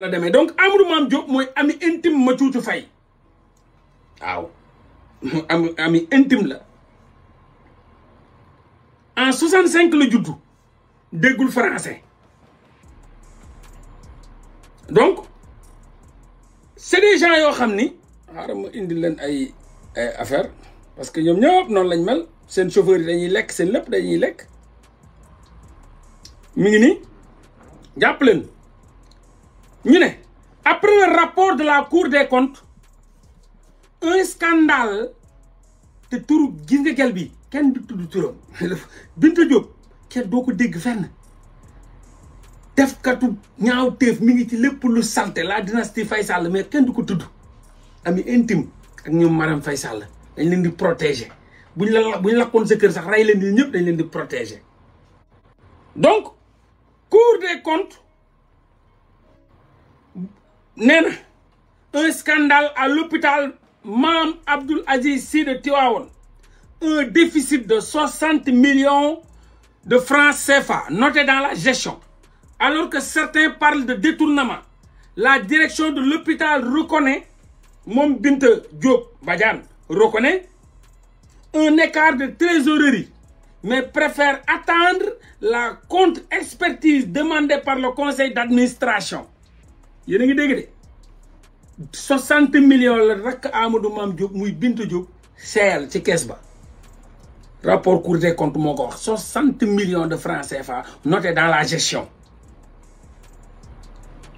la démé donc Amadou mam Diop moy ami intime ma ci fay Ah ami ami intime la en 65 le djoutou dégoul français donc c'est des gens yo xamni ni ma indi len ay ay affaire parce que ñom ñop non lañ mel sen chauffeur dañuy lekk sen lepp dañuy lekk mi ngi ni japp len ñu après le rapport de la cour des comptes un scandale te turu gis nga gel bi kenn du tudd turam Binta Diop kenn doo ko dégg fenn def katu ñaaw téef mi ngi ci lépp lu salte la dynastie Faisal, mais kenn du ko tudd ami intime ak ñoom madame Faye dañ leen di protéger buñ la buñ kon sa kër sax ray leen di ñëpp dañ leen di protéger donc cour des comptes Nena, un scandale à l'hôpital MAM Abdul Aziz ici de Tiwawon un déficit de 60 millions de francs CFA noté dans la gestion alors que certains parlent de détournement la direction de l'hôpital reconnaît Mom Binte Diop Badiane reconnaît un écart de trésorerie mais préfère attendre la contre-expertise demandée par le conseil d'administration yéen a ngi dégg de soixante millions la rakk Amadou Mame Diop muy Binta Diop seyal ci kees ba rapport Cour des comptes moo ko wax soixante millions de francs CFA notés dans la gestion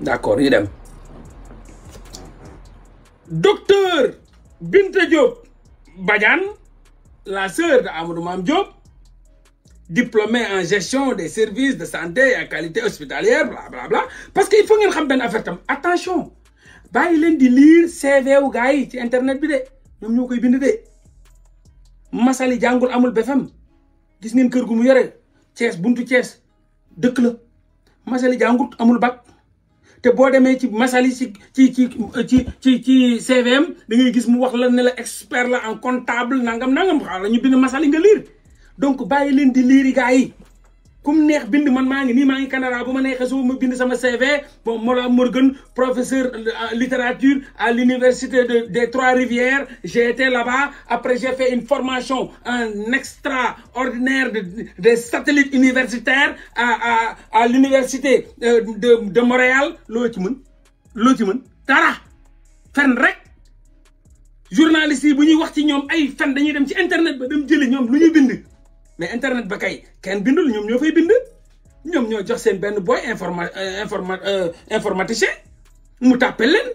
d'accord yu dem docteur Binta Diop Badiane la sœur de Amadou Mame Diop diplômé en gestion des services de santé en qualité hospitalière bla bla bla parce qu'il faut affaire attention il lire CV internet bi ne amul buntu amul bac ci ci ci ci ci CVM gis mu wax la expert la comptable nangam nangam ñu bind nga donc bàyyi len di lire gars yi kum neex bind man mangi, ni mangi Canada buma ma neexee su bind sama CV bon mola Morgan, professeur euh, littérature à l'université de des Trois-Rivières j'ai été là-bas après j'ai fait une formation un extraordinaire de des satellites universitaires à à à l'université euh, de de Montréal lo ci mën lo ci mën tara fenn rek journalistes yi bu ñuy wax ci ñoom ay fen dañuy dem ci internet ba dem jëli ñoom lu ñuy bind mais internet ba kay ken bindul ñom bind ñom ñoo jox seen boy euh, euh, informaticien mu tapel leen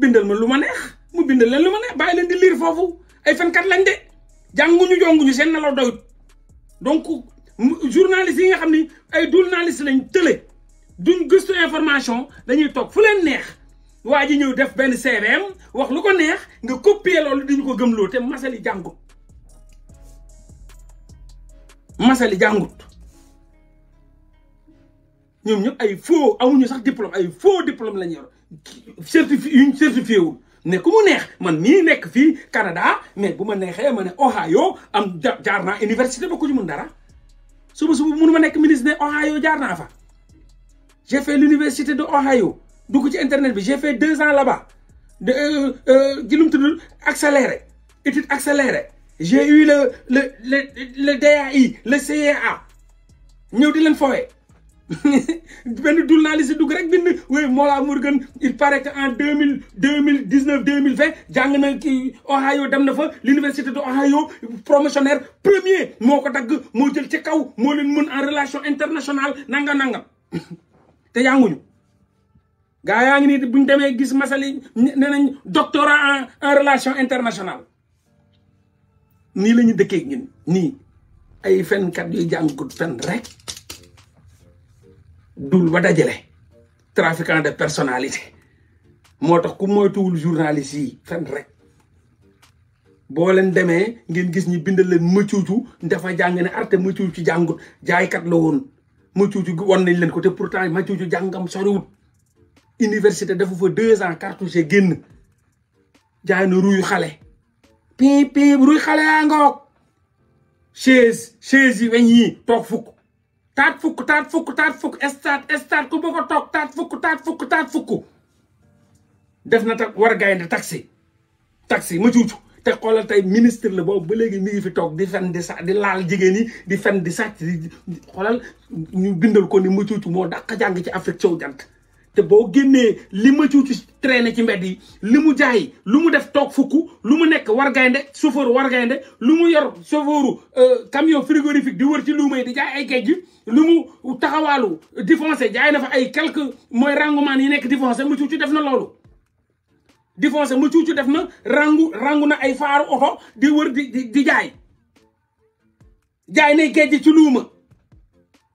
bindal ma luma neex mu bindal leen luma neex leen di lire fofu ay kat lañ de donc journaliste yi nga xamni ay journaliste lañ fait duñ gëstu information dañuy tok fu leen neex waa ñew def ben CVM wax lu ko neex nga copier ko Massaly jangut ñom ñëpp ay faux amuñu sax diplôme ay faux diplôme lañu yor certifié yuñ certifié wu ne ku mu neex man mii nekk fi Canada mais buma ma neexee ma Ohio am jarna université ba ko ci mën dara suba suba mënu ma nekk ministre Ohio jarna fa. j'ai fait l'université de Ohio dugg ci internet bi j'ai fait deux ans là-bas de euh, euh lu mu accéléré étude accélérée j'ai eu le le le le DAI le CEA ñëw di leen fowee benn dul naa li si dugg rek bind oui mola Morgan il paraît que en 2000 2019 2020 jang dix neuf na Ohio dem na fa l'université de Ohio promotionnaire premier moko ko mo jël ci kaw mo len mën en relation internationale nangam nangam te yanguñu gaa yaa ngi nii bu ñu gis masali nee nañ doctorat en en relation internationale. nii la ñu dëkkee ñun nii ay fenkat yuy jàngut fen rek dul ba dajale trafiquant de personnalité moo tax ku moytuwul journaliste yi fen rek boo leen demee ngeen gis ñi bindal leen mëcuucu dafa jàng ne arte mëcuucu jàngut jaaykat la woon mëcuucu won nañ leen ko te pourtant mëcuucu jàngam soriwut université dafa fa deux ans cartouché génn jaay na ruyu xale pii pii ruy xale yaa ngoog chaise chaise yi weñ toog fukk taat fukk taat fukk taat fukk stade stade ku bëgg a toog taat fukk taat fukk taat fukk def na ta war gaynde taxi taxi ma cuucu te xoolal tey ministre la boobu ba léegi mi ngi fi toog di fen di sa di laal jigéen yi di fen di sàcc di xoolal ñu bindal ko ni ma cuucu moo dàq jàng ci Afrique sowu jant te boo génnee li ma cuucu traîné ci mbedd yi li mu jaay lu mu def toog fukk lu mu nekk war gaynde chauffeur war lu mu yor chauffeuru euh, camion frigorifique di wër ci luuma yi di jaay ay gejj lu mu taxawaalu défoncé jaay na fa ay quelques mooy rangumaan yi nekk défoncé ma cuucu def na loolu défoncé ma cuucu def na rangu rangu na ay faaru oto di wër di di jaay jaay na géej ci luuma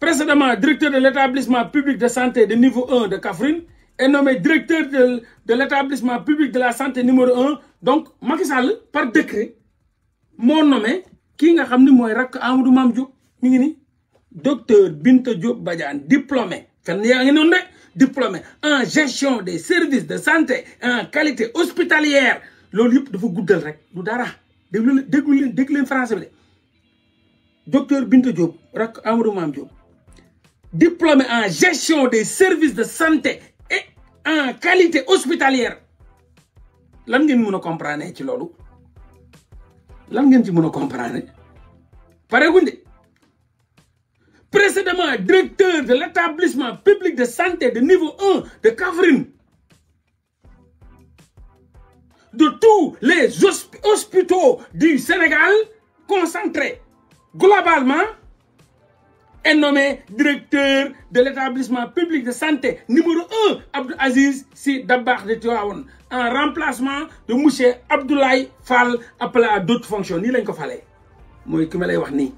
Précédemment, directeur de l'établissement public de santé de niveau 1 de Kafrine est nommé directeur de, l'établissement public de la santé numéro 1. Donc, Macky Sall, par décret, mon nommé qui nga pas de Rak Amadou docteur Binta Diop diplômé diplômé en gestion des services de santé en qualité hospitalière L'olip de dafa guddal rek dara docteur Binta Diop Rak Amadou diplômé en gestion des services de santé et en qualité hospitalière lan ngeen mën comprend, comprendre ci lan ngeen précédemment directeur de l'établissement public de santé de niveau 1 de Kavrin, de tous les hôpitaux du Sénégal concentrés globalement est nommé directeur de l'établissement public de santé numéro 1 Abdou Aziz Sy de Tivaouane en remplacement de M. Abdoulaye Fall appelé à d'autres fonctions nii lañ ko falee mooy ki ma lay wax nii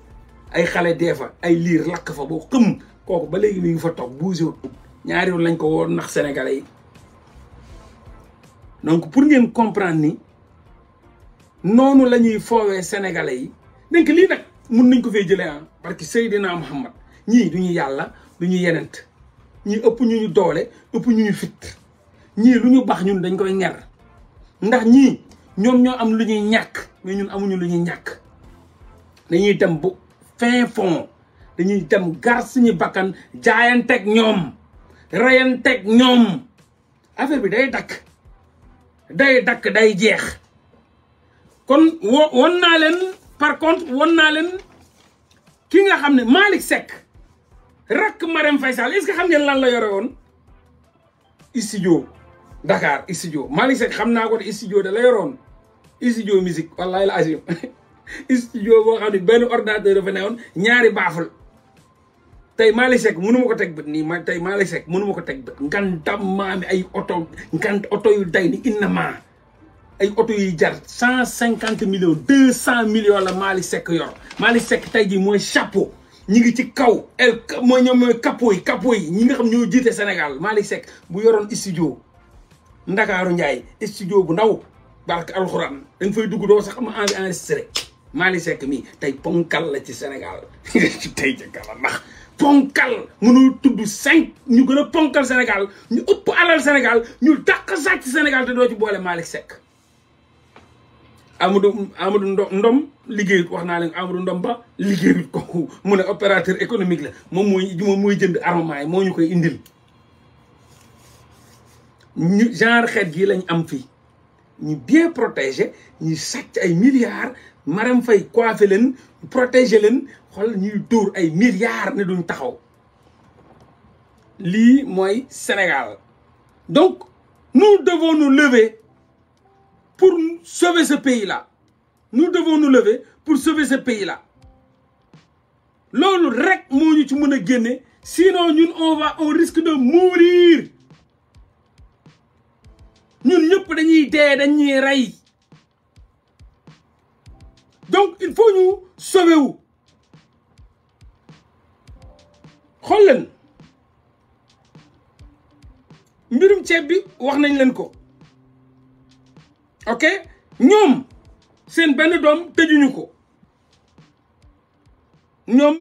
ay xale dee fa ay liir lakk fa boo xëm kooku ba léegi mi ngi fa toog buusiwut ñaari yoon lañ ko woo nax sénégalais donc pour ngeen comprendre ni nous la ñuy foowee sénégalais yi donc lii nag mun nañ ko fee jëlee ah parce que Seydina Muhammad ñii du ñu yàlla du ñu yenent ñii ëpp ñu ñu doole ëpp ñu ñu fit ñii lu ñu bax ñun dañ koy ñer ndax ñii ñoom ñoo am lu ñuy ñàkk mais ñun amuñu lu ñuy ñàkk dañuy dem bu fin fond dañuy dem gar suñu bakkan jaayanteeg ñoom reyanteeg ñoom affaire bi day dakk day dakk day jeex kon wo won naa leen par contre won naa leen ki nga xam ne Malick sekk rakk Marème Faye Sall est-ce xam ngeen lan la yore woon studio Dakar studio Malick Seck xam naa ko te studio da la yoroon studio musique wallahi la azim studio boo xam ne benn ordinateur dafa newoon ñaari baaful tey Malick Seck mënu ma ko teg bët nii ma tey Malick Seck mënu ma ko teg bët ngantam maami ay oto ngant oto yu day ni inna ma ay oto yi jar cent cinquante millions deux cent millions la Malick Seck yor Malick sek tey jii mooy chapeau ñi ngi ci kaw el mooy ñoom mooy capot yi capot yi ñi nga xam ñoo jiite Sénégal Malick Seck bu yoroon studio Ndakaaru Njaay studio bu ndaw barke alxuraan da nga fay dugg doo sax ma envie enregistré Malick Seck mii tey ponkal la ci Sénégal tey ca gala ndax ponkal mënoo tudd cinq ñu gën a ponkal Sénégal ñu ëpp alal Sénégal ñu dàq sàcc Sénégal te doo ci boole Malick Seck Amadou Amadou Ndom liggéeyut wax Amadou Ndom ba opérateur économique la jënd indil genre bien protégé ñu sàcc ay milliards maram Faye coiffer len protéger len xol ay milliards ne duñ taxaw Sénégal donc nous devons nous lever pour sauver ce pays-là. Nous devons nous lever pour sauver ce pays-là. Lolo rek moñu ci mëna génné sinon ñun on va au risque de mourir. Ñun ñëpp dañuy dé dañuy ray. Donc il faut nous sauver wu. Xol Mbirum bi ok ñoom seen benn doom tëjuñu ko ñoom